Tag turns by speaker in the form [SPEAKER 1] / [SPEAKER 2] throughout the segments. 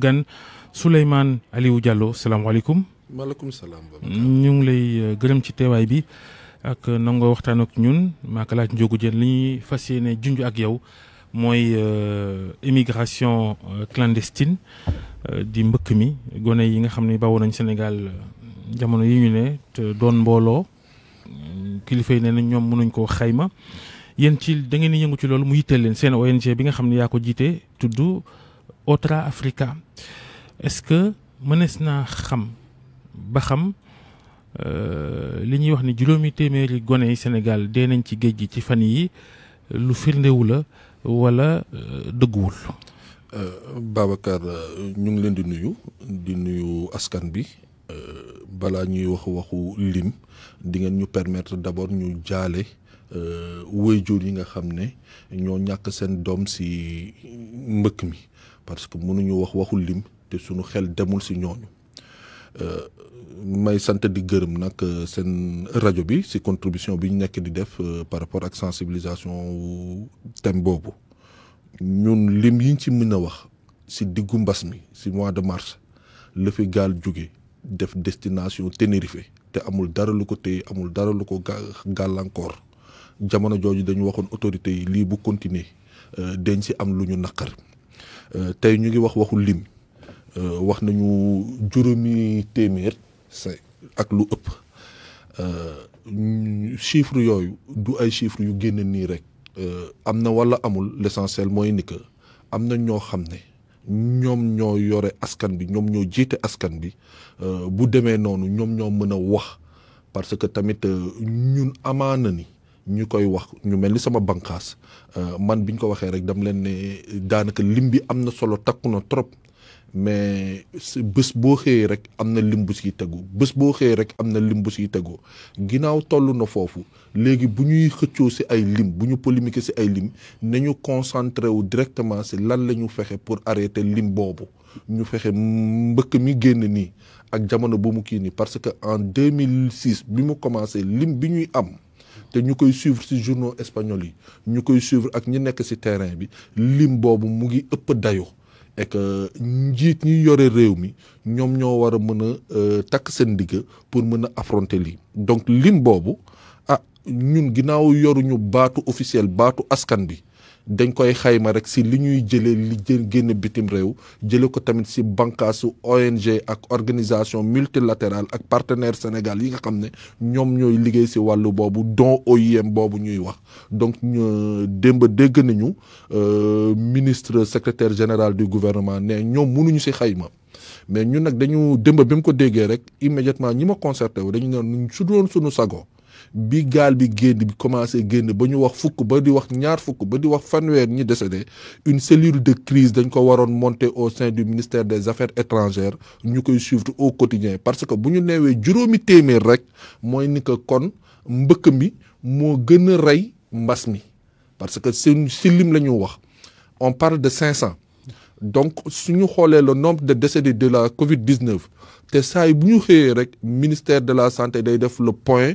[SPEAKER 1] gan Souleymane Aliou Diallo salaamaaleykum. maaleykum salaam. Mm, ñu ngi lay euh, gërëm ci teewaay bi ak nangoo waxtaan ak ñun maaka laaj njóogu jën li ñuy fas yéene junj ak yow mooy euh, immigration euh, clandestine di mbëkk mi gone yi nga xam ne bawoo nañ Sénégal jamono yi ñu ne te doon mbooloo kilifa yi nee na ñoom mënuñ koo xayma. yéen ci da ngeen yëngu ci loolu mu yitteel leen seen ONG bi nga xam ne yaa ko jiite tudd Otra Africa est-ce que mënees naa xam ba xam euh, li ñuy wax ni juróomi téeméeri gone yi Sénégal dee nañ ci géej gi ci fan yi lu firndewu la wala euh, dëgguwul.
[SPEAKER 2] Euh, Babacar ñu ngi leen di nuyu di nuyu askan bi balaa ñuy wax waxu lim di ngeen ñu permettre d'abord ñu jaale waajur yi nga xam ne ñoo ñàkk seen doom ci mbëkk mi. parce que mënuñu wax waxul lim suñu xel demul ñooñu euh, may sante di euh, contribution bi ñu nekk di def euh, par rapport ak sensibilisation thème sommes ñun lim yiñ ci mëna wax mi mois de mars Le fi gal def destination Tenerife amul dara lu ko amul dara lu ko dañu yi bu Euh, tey ñu ngi wax waxul lim euh, wax nañu juróomi téeméer ak lu ëpp euh, chiffre yooyu du ay chiffre yu génn nii rek am na walla amul l'essentiel mooy ni que am na ñoo xam ne ñoom ñoo yore askan bi ñoom ñoo jiite askan bi bu demee noonu ñoom ñoo mën a wax parce que tamit ñun amaana ni ñu koy wax ñu mel ni sama bànqaas euh, man bi ñu ko waxee rek dam leen ne daanaka lim bi am na solo takku na trop mais bës boo xëyee rek am na lim bu siy tegu bés boo xëyee rek am na lim bu siy tegu ginnaaw toll na foofu léegi bu ñuy xëccoo si ay lim bu ñu polémiquer si ay lim nañu concentré wu directement si lan la ñu fexe pour arrêter lim boobu ñu fexe mbëkk mi génn nii ak jamono bu mu kii nii parce que en 2006 bi mu commencé lim bi ñuy am. te ñu koy suivre si journaux espagnols yi ñu koy suivre ak ñi nekk si terrain bi lim boobu mu ngi ëpp dayo et que njiit ñi yore réew mi ñoom ñoo war a mën a euh, takk seen digg pour mën a affronter lii donc lim boobu ah ñun ginnaaw yoruñu baatu officiel baatu askan bi dañ koy xayma rek si li ñuy jëlee li génn bitim réew jële ko tamit si bànqaasu ONG ak organisation multilatérale ak partenaire Sénégal yi nga xam ne ñoom ñooy liggéey si wàllu boobu don OIM boobu ñuy wax donc démb dégg nañu euh, ministre secrétaire général du gouvernement ne ñoom mënuñu si xayma mais ñun nag dañu démb bi mu ko déggee rek immédiatement ñi ma concerté wu dañu ne su doon suñu sago bi gaal bi génn bi commencé génn ba ñu wax fukk ba di wax ñaar fukk ba di wax fanweer ñi décédé une cellule de crise dañ ko waroon monter au sein du ministère des affaires étrangères ñu koy suivre au quotidien parce que bu ñu neewee juróomi téeméer rek mooy ni que kon mbëkk mi moo gën a rey mi parce que c'est une lim la ñu wax on parle de 500 donc suñu ñu xoolee le nombre de décédés de la Covid 19 te saa yi bu ñu xëyee rek ministère de la santé day def le point.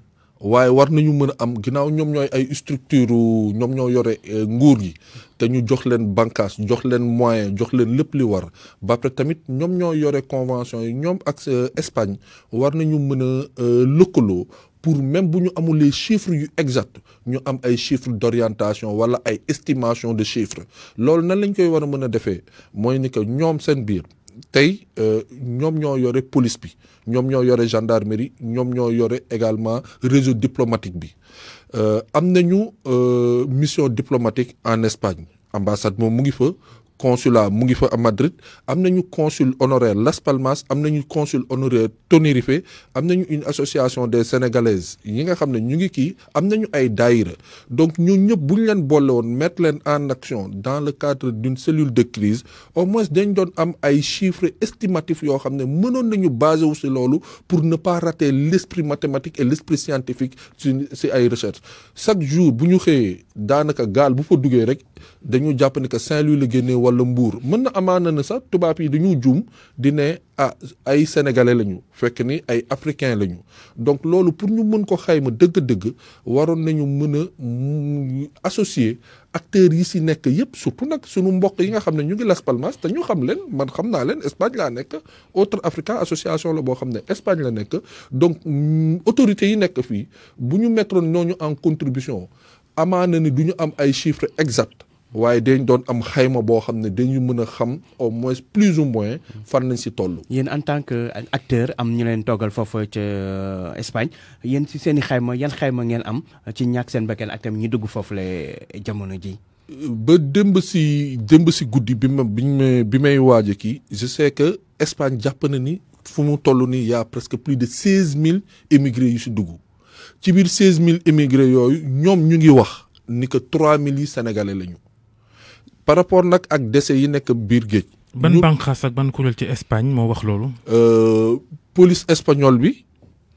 [SPEAKER 2] waaye war nañu mën a am ginnaaw ñoom ñooy ay structure ñoom ñoo yore euh, nguur gi te ñu jox leen bànqaas jox leen moyen jox leen lépp li war ba après tamit ñoom ñoo yore convention yi ñoom ak euh, Espagne war nañu mën a euh, lëkkaloo pour même bu ñu amul les chiffres yu exact ñu am ay chiffres d'orientation wala ay estimation de chiffres loolu nan lañ koy war a mën a defee ni que ñoom seen biir tey euh, ñoom ñoo yore police bi ñoom ñoo yore gendarmerie ñoom ñoo yore également réseau diplomatique bi euh, am nañu euh, mission diplomatique en Espagne ambassade moom mu ngi fa consulat à à Madrid am consul honoraire Las Palmas am consul honoraire Tenerife nous une association des sénégalaises nous avons xam ñu ngi donc nous, avons bu leen mettre en action dans le cadre d'une cellule de crise au moins nous doon am ay chiffres estimatifs yoo xam ne nañu pour ne pas rater l'esprit mathématique et l'esprit scientifique de ces recherches. chaque jour nous avons daanaka gaal bu fa duggee rek dañu jàpp ne que Saint-Louis la génnee walla mbuur mën na amaana na sax tubaab yi dañu juum di ne ah ay sénégalais lañu fekk ni ay africains lañu donc loolu pour ñu mën ko xayma dëgg-dëgg waroon nañu mën a associer acteurs yi si nekk yépp surtout nag sunu mboq yi nga xam ne ñu ngi Las Palmas te ñu xam leen man xam naa leen Espagne laa nekk autre Africa association la boo xam ne Espagne la nekk donc mm, autorités yi nekk fii bu ñu mettre ñooñu en contribution. amaana ni du ñu am ay chiffres exacts waaye dañ doon am xayma boo xam ne dañu mën a xam au moins plus ou moins fan nañ si toll.
[SPEAKER 3] yéen en tant que acteur am ñu leen toggal foofu ca euh, Espagne yéen si seen i xayma yan xayma ngeen am ci ñàkk seen bakkan ak tamit ñi dugg foofu la jamono ji
[SPEAKER 2] ba démb si démb si guddi bi ma bi may bi may waaj kii je sais que Espagne jàpp na ni fu mu toll nii y' a presque plus de seize mille émigrés yu si dugg. ci biir 16000 émigré yooyu ñoom ñu ngi wax ni que 3000 sénégalais lañu par rapport nak ak décès yi nekk biir géej
[SPEAKER 1] ban banxaas ak ban kuréel ci espagne moo wax loolu
[SPEAKER 2] euh, police espagnole bi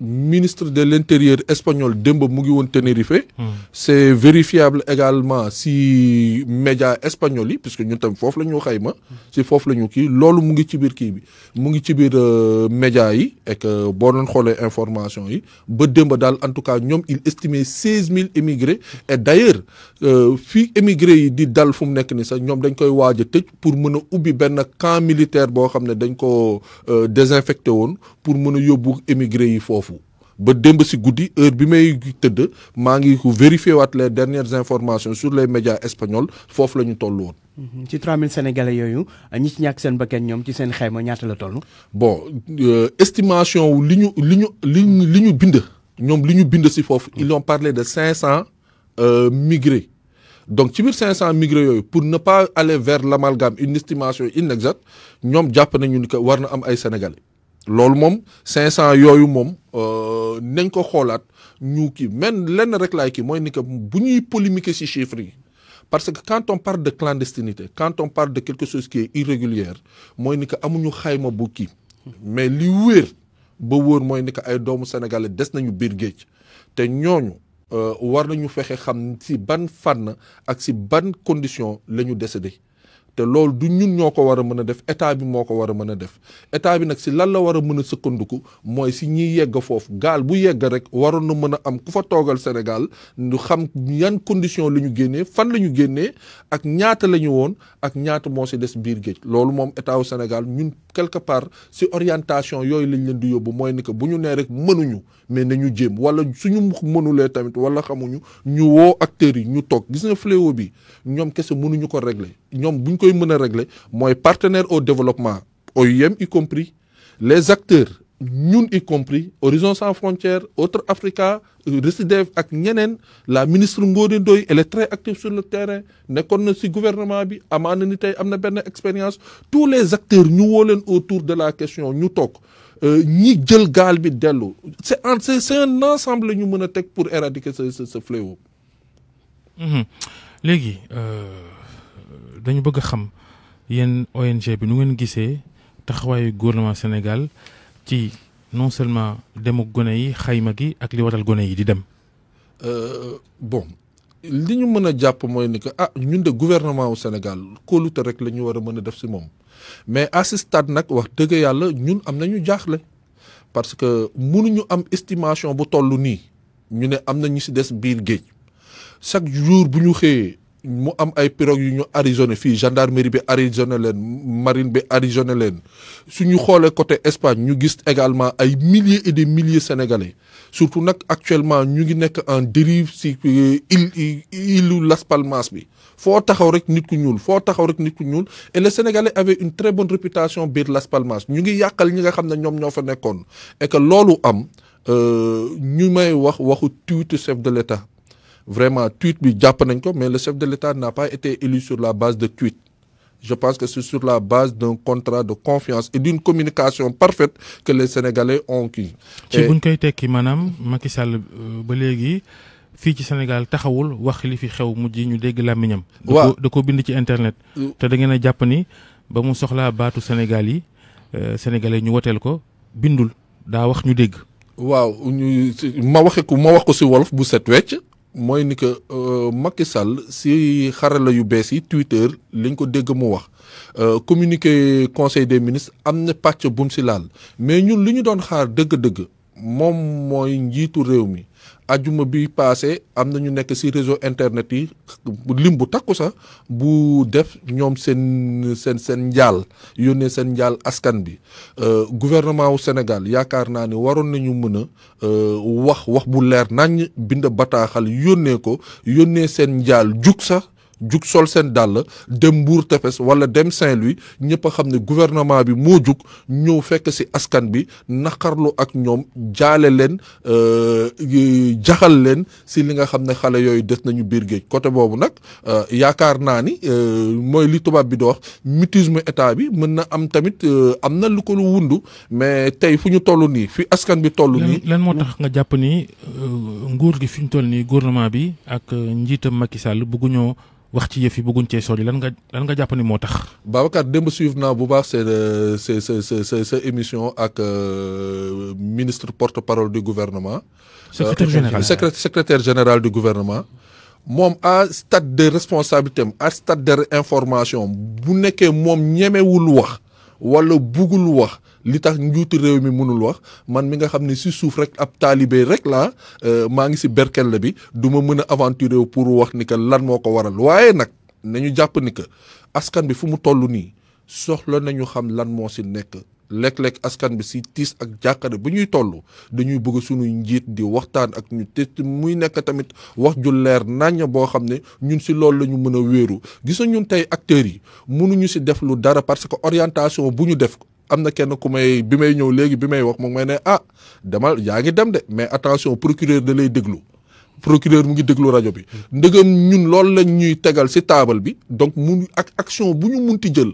[SPEAKER 2] ministre de l'Intérieur espagnol Dembo Mugiwon Tenerife. Mm. C'est vérifiable également si médias espagnols, puisque nous sommes fof nous Khaïma, c'est fof le qui, lolo mungi tibir kibi, mungi tibir euh, médias et que bon on information yi, but Dembo dal en tout cas nous il estimait 16 000 émigrés et d'ailleurs euh, fi émigrés di dal fum nek ni sa ñom dañ koy waja tej pour mëna ubbi ben camp militaire bo xamne dañ ko euh, désinfecté won pour mëna yobbu émigrés yi fofu ba démb si guddi heure bi may tëdd maa ngi ko vérifié waat les dernières informations sur les médias espagnols foofu la ñu toll woon.
[SPEAKER 3] Mhm. ci 3000 sénégalais
[SPEAKER 2] yooyu euh, ñi ci ñàkk seen bakkan ñoom ci seen xayma ñaata la toll. bon euh, estimation wu li ñu li ñu li ñu bind ñoom li ñu bind si foofu. Mhm. ils ont parlé de 500 euh, migrés. donc ci biir 500 migrés yooyu pour ne pas aller vers l'amalgame une estimation inexacte ñoom jàpp nañu ni que war na am ay sénégalais. C'est mom 500 mom euh nagn ko ñu même lenn rek chiffres parce que quand on parle de clandestinité quand on parle de quelque chose qui est irrégulière moy ni que amuñu xayma bu mais li wër ba wër moy ni que ay doomu sénégalais des nañu euh, war nañu xam ci ban ban condition le décédé te loolu du ñun ñoo ko war a mën a def état bi moo ko war a mën a def état bi nag si lan la war a mën a sëkkandiku mooy si ñiy yegg foofu gaal bu yegg rek waroon na mën a am ku fa toogal Sénégal ñu xam yan condition la ñu génnee fan la ñu génnee ak ñaata la ñu woon ak ñaata moo si des biir géej loolu moom état wu Sénégal ñun quelque part si orientation yooyu lañ leen di yóbbu mooy ni ko bu ñu nee rek mënuñu mais nañu jéem wala suñu mënulee tamit wala xamuñu ñu wo acteurs yi ñu tok gis nga fléau bi ñom kessé mënuñu ko régler ñom nous koy mëna régler partenaires partenaire au développement OIM y compris les acteurs ñun y compris Horizon sans frontières Autre Africa Recidev ak ñenen la ministre Ngoné doy elle est très active sur le terrain nekkoon na le gouvernement bi amana ni expérience tous les acteurs ñu wo autour de la question ñu tok Euh, ñi jël gaal bi dellu c'est en c'est un ensemble la ñu mën a teg pour éradiquer ce ce fléau.
[SPEAKER 1] Mhm. léegi euh, dañu bëgg xam yéen ONG bi nu ngeen gisee taxawaayu gouvernement Sénégal ci non seulement demu gone yi xayma gi ak li waral gone yi di dem.
[SPEAKER 2] Euh, bon li ñu mën a jàpp mooy ni que ah ñun de gouvernement wu Sénégal kóolute rek la ñu war a mën a def si moom. mais à ce stade nak wax dëgg yalla ñun parce que mënuñu am estimation bu tollu ni ñu des chaque jour bu ñu am ay pirogue yu ñu gendarmerie bi marine bi suñu côté Espagne ñu gis également ay milliers et des milliers sénégalais surtout actuellement ñu en dérive si euh, île Las Palmas foo taxaw rek nit ku ñuul foo taxaw rek nit ku ñuul et les sénégalais avaient une très bonne réputation biir Las Palmas ñu ngi yakal ñi nga xamne ñom ñoom ñoo fa et que lolu am euh, ñu may wax waxu tweet chef de l'état vraiment tweet bi japp nañ ko mais le chef de l'état n'a pas été élu sur la base de tweet je pense que c'est sur la base d'un contrat de confiance et d'une communication parfaite que les sénégalais ont qui ci buñ
[SPEAKER 1] koy tekki manam Macky Sall euh, ba léegi fii ci Sénégal taxawul wax li fi xew mujj ñu dégg làmmiñam waaw da ko bind ci internet mm. te da ngeen a jàpp ni ba mu soxlaa baatu Sénégal yi euh, sénégalais ñu woteel ko bindul daa wax ñu dégg
[SPEAKER 2] waaw ñu ma waxe ko ma wax ko si wolof bu set wecc mooy ni que euh, Macky Sall si xarala yu bees yi Twitter lañ ko dégg mu wax euh, communiqué conseil des ministre am na pàcc bum si laal mais ñun li ñu doon xaar dëgg-dëgg moom mooy njiitu réew mi ajuma bi passé am na ñu nekk ci réseau internet yi lim bu takku sax bu def ñoom seen seen seen njaal yónnee seen njaal askan bi euh, gouvernement wu Sénégal yaakaar naa ni waroon nañu mën a euh, wax wax bu leer naññ bind bataaxal yónnee ko yónnee seen njaal jug sax jug sol seen dàll dem Mbour Tefes wala dem Saint-Louis ñëpp a xam ne gouvernement bi moo jug ñëw fekk si askan bi naqarlu ak ñoom jaale leen euh, jaxal leen si li nga xam ne xale yooyu des nañu biir géej côté boobu nag euh, yaakaar naa ni euh, mooy li tubaab bi di wax mutisme état bi mën na am tamit am na lu ko lu wundu mais tey fu ñu toll nii fi askan bi toll nii.
[SPEAKER 1] lan moo tax nga jàpp ni nguur gi fi ñu toll nii gouvernement bi ak njiitam Macky Sall bëgguñoo wax ci yëf yi bëgguñ cee sori lan nga lan nga jàpp ni moo tax.
[SPEAKER 2] Babacar démb suivre naa bu baax c'est euh, sa sa sa émission ak euh, ministre porte-parole du gouvernement. secrétaire euh, général secrétaire général du gouvernement. moom à stade de responsabilité a à stade de information bu nekkee moom ñemewul wax wala bugul wax. li tax njuutu réew mi mënul wax man mi nga xam ne si suuf rek ab taalibe rek laa euh, maa ngi si berkel la bi du ma mën a aventuré wu pour wax ni que lan nenyu ko waral waaye nag nañu jàpp ni que askan bi fu mu toll nii soxla nañu xam lan askan bi si ak jàkkare bu ñuy toll dañuy bëgg suñu di waxtaan ak ñu te muy nekk tamit wax ju leer naññ boo xam ñun si loolu la ñu mën a wéeru gis ñun tey acteurs yi si def lu dara parce que orientation bu ñu def am na kenn ku may bi may ñëw léegi bi may wax moom may ne ah demal yaa ngi dem de mais attention procureur da lay déglu procureur mu ngi déglu rajo bi ndëgam ñun loolu lañ ñuy tegal si taabal bi donc mu ak action bu ñu munti jël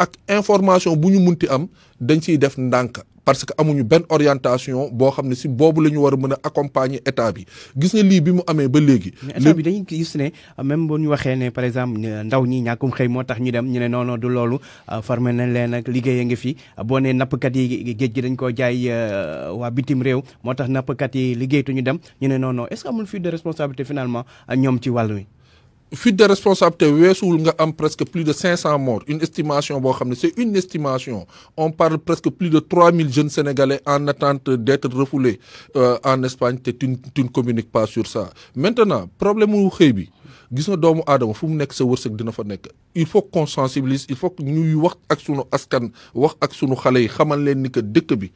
[SPEAKER 2] ak information bu ñu munti am dañ siy def ndànk parce que amuñu benn orientation boo xam ne si boobu la ñu war a mën a accompagner état bi gis nga lii bi mu amee ba léegi. mais état
[SPEAKER 3] bi gis ne même bu ñu waxee ne par exemple ndaw ñi ñàkkum xëy moo tax ñu dem ñu ne non du loolu formé nañ leen ak liggéey a ngi fi boo nappkat yi géej gi dañ koo jaay euh, waa bitim réew moo tax nappkat yi liggéeytu ñu dem ñu ne non non est-ce que amul fuite de responsabilité finalement
[SPEAKER 2] ñoom ci wàll wi. fuite de responsabilité weesuwul nga am presque plus de 500 morts une estimation boo xam c'est une estimation on parle presque plus de 3000 jeunes sénégalais en attente d'être refoulés euh, en Espagne te tu tu ne communiques pas sur ça maintenant problème mu xëy bi gis nga doomu aadama fu mu sa wërsëg dina fa nekk il faut qu'on il faut que ñuy wax ak sunu askan wax ak sunu xale yi xamal leen ni que dëkk bi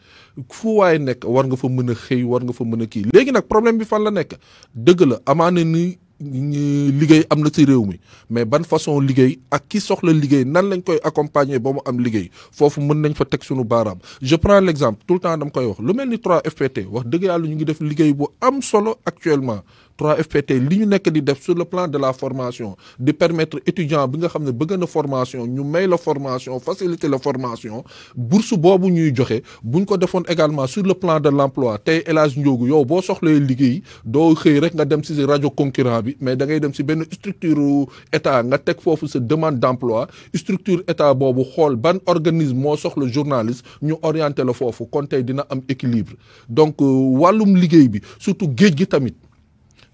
[SPEAKER 2] fu waaye nekk war nga fa mën a war nga fa mën a kii léegi problème bi fan la nek. dëgg la ni ñi liggéey am ci rewmi mais ban façon liguey ak ki soxla liguey nan lañ koy accompagner ba mu am liguey fofu mën nañ fa tek sunu baram je prends l'exemple tout le temps dam koy wax lu melni 3FPT wax dëgg yàlla ñu ngi def liguey bu am solo actuellement 3FPT li ñu nekk di sur le plan de la formation de permettre étudiant bi nga xam ne de na formation ñu may la formation faciliter la formation bourse boobu ñuy joxé buñ ko également sur le plan de l'emploi tay tey El Ndiogu yow bo soxlé liggéey do xey rek nga dem ci radio concurrent bi mais da ngay dem ci ben structure état nga tek fofu sa demande d'emploi. structure état bobu xol ban organisme mo soxla journaliste ñu orienter le fofu kon tey dina am équilibre donc euh, walum liggéey bi surtout géej gi tamit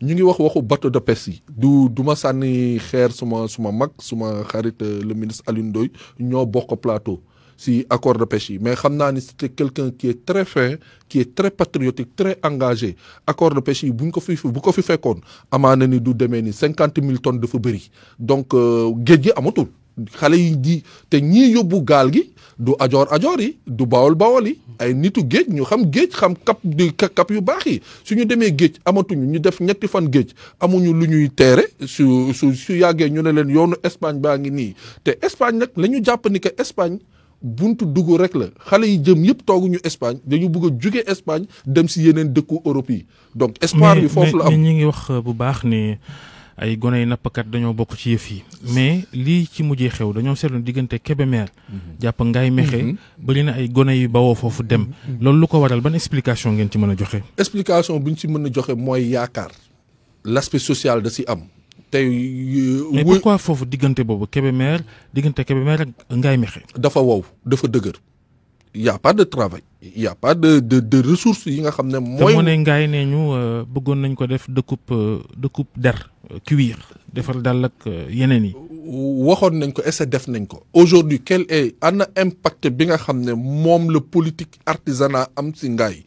[SPEAKER 2] ñi ngi wax waxu bateau de pêche yi du du ma sànni xeer suma suma mag suma xarit euh, le ministre Alioune Ndoye ñoo bokk plateau si accord de pêche mais xam naa ni c'était quelqu'un qui est très fin qui est très patriotique très engagé accord de pêche yi bu ko fi bu ko fi fekkoon amaana ni du demee ni cinquante mille tonnes dafa bëri donc euh, géej gi amatul xale yi di te ñii yóbbu gaal gi du ajoor ajoor yi du bawol bawol yi ay nitu géej ñu xam géej xam kap kap yu baax yi su ñu demee géej amatuñu ñu def ñetti fan géej amuñu lu ñuy teere su su su yàggee ñu ne leen yoonu Espagne baa ngi nii te Espagne nag la ñu jàpp ni que Espagne buntu dugg rek la xale yi jëm yëpp tooguñu Espagne dañu bëgg a jóge Espagne dem si yeneen dëkku Europe yi donc espoir bi foofu la am
[SPEAKER 1] mais ngi wax bu baax ni ay gone yi nappkat dañoo bokk ci yëf yi mais lii ci mujjee xew dañoo seetlu diggante Kébémer mhm. jàpp ngay mexe mhm. bëri na ay gone yu bawoo foofu dem mhm. loolu lu ko waral ban explication ngeen ci mën a joxe
[SPEAKER 2] explication bu ñu ci mën a joxe mooy yaakaar l'aspect social da si am tey mais pourquoi
[SPEAKER 1] foofu diggante boobu Kébémer diggante Kébémer ak ngaay
[SPEAKER 2] mexe dafa wow dafa dëgër y' a pas de travail y' a de de de ressources yi nga xam ne. mooy te mu ne
[SPEAKER 1] ngaay nee ñu euh, bëggoon nañ ko def dëkkub euh, dëkkub der.
[SPEAKER 2] cuir defar dàll ak euh, yeneen yi. waxoon nañ ko essa def nañ ko aujourd'hui quel est ana impact bi nga xam ne moom la politique artisanat am si ngaay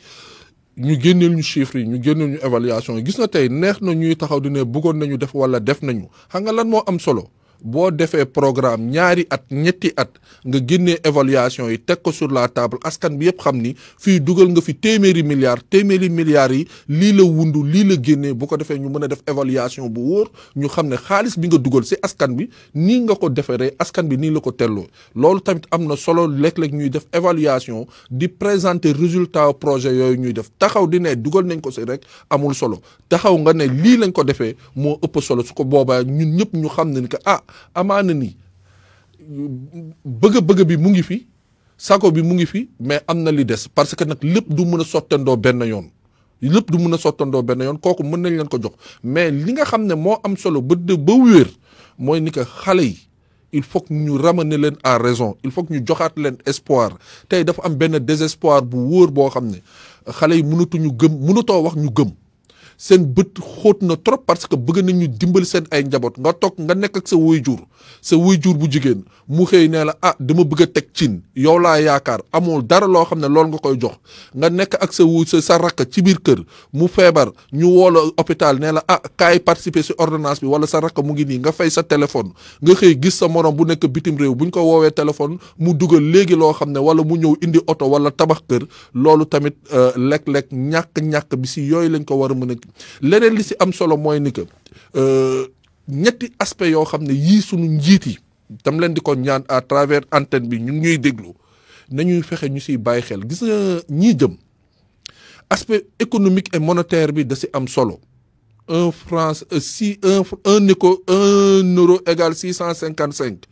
[SPEAKER 2] ñu génneel ñu chiffres yi ñu génneel ñu évaluation yi gis na tey neex na ñuy taxaw di ne bëggoon nañu def wala def nañu xam nga lan moo am solo. boo defee programme ñaari at ñetti at nga génnee évaluation yi teg ko sur la table askan bi yëpp xam ni fii dugal nga fi téeméeri milliards téeméeri milliards yi lii la wundu lii la génnee bu ko defee ñu mën a def évaluation bu wóor ñu xam ne xaalis bi nga dugal si askan bi nii nga ko defee rek askan bi nii la ko telloo loolu tamit am na solo léeg-léeg ñuy def évaluation di présenter résultat projet yooyu ñuy def taxaw di ne dugal nañ ko si rek amul solo taxaw nga ne lii lañ ko defee moo ëpp solo su ko boobaa ñun ñëpp ñu xam ne que ah amaana ni bëgg-bëgg bi mu ngi fi sago bi mu ngi fi mais am na li des parce que nag lépp du mën a sottandoo benn yoon lépp du mën a sottandoo benn yoon kooku mën nañ leen ko jox mais li nga xam ne moo am solo ba dë ba wéer mooy ni que xale yi il faut que ñu ramener leen à raison il faut ñu joxaat leen espoir tey dafa am benn désespoir bu wóor boo xam ne xale yi mënatuñu gëm mënatoo wax ñu gëm seen bët xóot na trop parce que bëgg nañu dimbali seen ay njaboot nga toog nga nekk ak sa wuy waajur sa jur bu jigéen mu xëy nee la ah dama bëgg a teg cin yow laa yaakaar amul dara loo xam ne loolu nga koy jox nga nekk ak sa wu sa rakk ci biir kër mu feebar ñu woola hôpital nee la ah kaay participer si ordonnance bi wala sa rakk mu ngi nii nga fay sa téléphone nga xëy gis sa morom bu nekk bitim réew bu ñu ko woowee téléphone mu dugal léegi loo xam ne wala mu ñëw indi oto wala tabax kër loolu tamit euh, lekk-lekk ñàkk-ñàkk bi si yooyu lañ ko war a mën a leneen li si am solo mooy ni que euh, ñetti aspect yoo xam ne yii suñu njiit yi tam leen di ko ñaan à travers antenne bi ñu ngi ñuy déglu nañuy fexe ñu si bàyyi xel gis nga ñii jëm aspect économique et monétaire bi da si am solo un franc euh, si un un éco un euro égal six cent cinquante cinq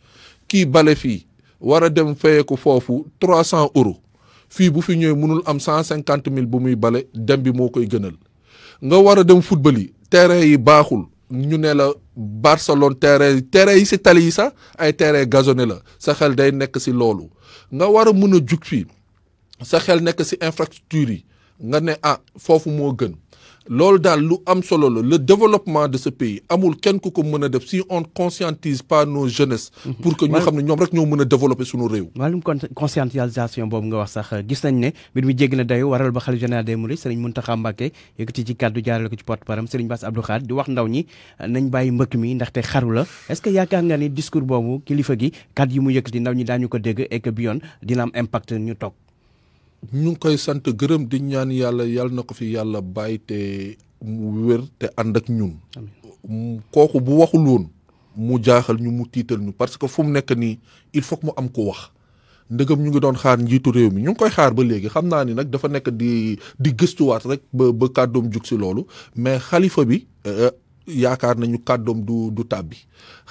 [SPEAKER 2] kii bale fii war a dem ko foofu trois cent euros fii bu fi ñëwee mënul am cent cinquante mille bu muy bale dem bi moo koy gënal nga war a dem football yi terrain yi baaxul ñu ne la Barcelone terrain terrain yi si tali yi sax ay terrain gazonné la sa xel day nekk si loolu nga war a mun a jug fii sa xel nekk si infrastructure yi nga ne ah foofu moo gën lol dal lu am solo le développement de ce pays amul ken ku ko meuna def si on conscientise pas nos jeunesse, mhm. pour que ñu xamne ñom rek ñoo meuna développer
[SPEAKER 3] suñu réew. wàllum conscientisation bobu nga wax sax gis nañ ne bir mi jéggi na dayo waral ba xalifa général des mourides Serigne Mountakha mbake yëkkati ci cadre jaarale ko ci porte param Serigne Bass Abdou khad di wax ndaw ñi nañ bàyyi mbëkk mi ndaxte xaru la est-ce que yaakaar nga ni discours bobu kilifa gi kàddu yu mu yëkkati ndaw ñi dañu ko
[SPEAKER 2] dégg et que dina am impact ñu tok ñu ngi koy sant gërëm di ñaan yàlla yàlla na ko fi yàlla bàyyi te mu wér te ànd ak ñun. kooku bu waxul woon mu jaaxal ñu mu tiital ñu parce que fu mu nekk nii il faut mu am ko wax. ndegam ñu ngi doon xaar njiitu réew mi ñu ngi koy xaar ba léegi xam naa ni nag dafa nekk di di gëstuwaat rek ba kàddoom jug si loolu mais xalifa bi euh, yaakaar nañu kàddoom du du tàbbi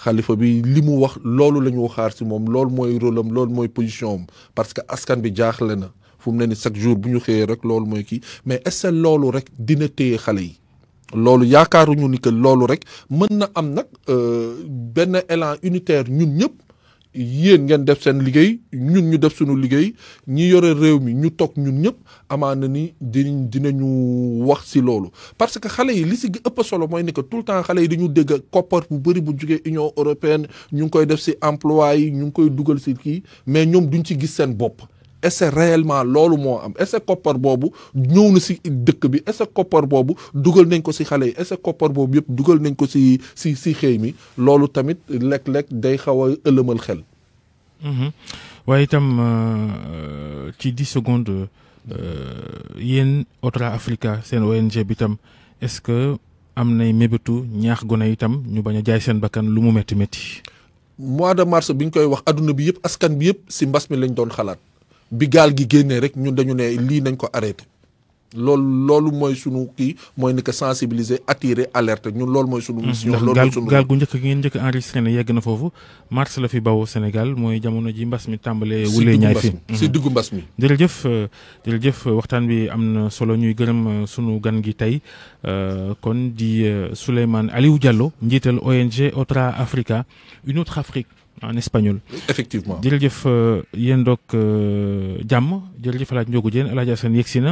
[SPEAKER 2] xalifa bi li mu wax loolu la ñu xaar si moom loolu mooy rôle am loolu mooy position parce que askan bi jaaxle na. fu mu ne ni chaque jour bu ñu xëyee rek loolu mooy kii mais est loolu rek dina téye xale yi loolu ñu ni que loolu rek mën na am nag euh, benn élan unitaire ñun ñëpp yéen ngeen def seen liggéey ñun ñu def suñu liggéey ñi yore réew mi ñu toog ñun ñëpp amaana ni dinañ dinañu wax si loolu parce que xale yi li si ëpp solo mooy ni que tout le temps xale yi dañu dégg koppar bu bari bu jógee Union européenne ñu ngi koy def si emploi yi ñu ngi koy dugal si kii mais ñoom duñ ci gis seen bopp est-ce loolu moo am est-ce koppar boobu ñëw na si dëkk bi est koppar boobu dugal nañ ko si xale yi ese ce koppar boobu yëpp dugal nañ ko si si si xëy mi loolu tamit lekk-lekk day xaw a ëlëmal xel.
[SPEAKER 1] Mhm. waaye itam euh, euh, ci dix secondes euh, yéen Otra Africa seen ONG bi tam est-ce que am nay mébétu ñaax gone itam ñu bañ a jaay seen bakkan lu mu metti métti.
[SPEAKER 2] mois de mars bi ñu koy wax adduna bi yëpp askan bi yëpp si mbas mi lañ doon xalaat. Bigal gi rek ñun dañu ne ko arrêté que sensibiliser attirer alerte ñun loolu mooy sunu hmm. mission gu
[SPEAKER 1] gi yegg na mars la Sénégal mooy jamono ji mbas mi tàmbalee wulee ñaay mi hmm. bi solo ñuy euh, sunu gan gi euh, kon di euh, Aliou Diallo ONG Otra Africa une autre Afrique en espagnol. effectivement jërëjëf euh, Yendok donc euh, jàmm jërëjëf El Hadj Ndiogou Diène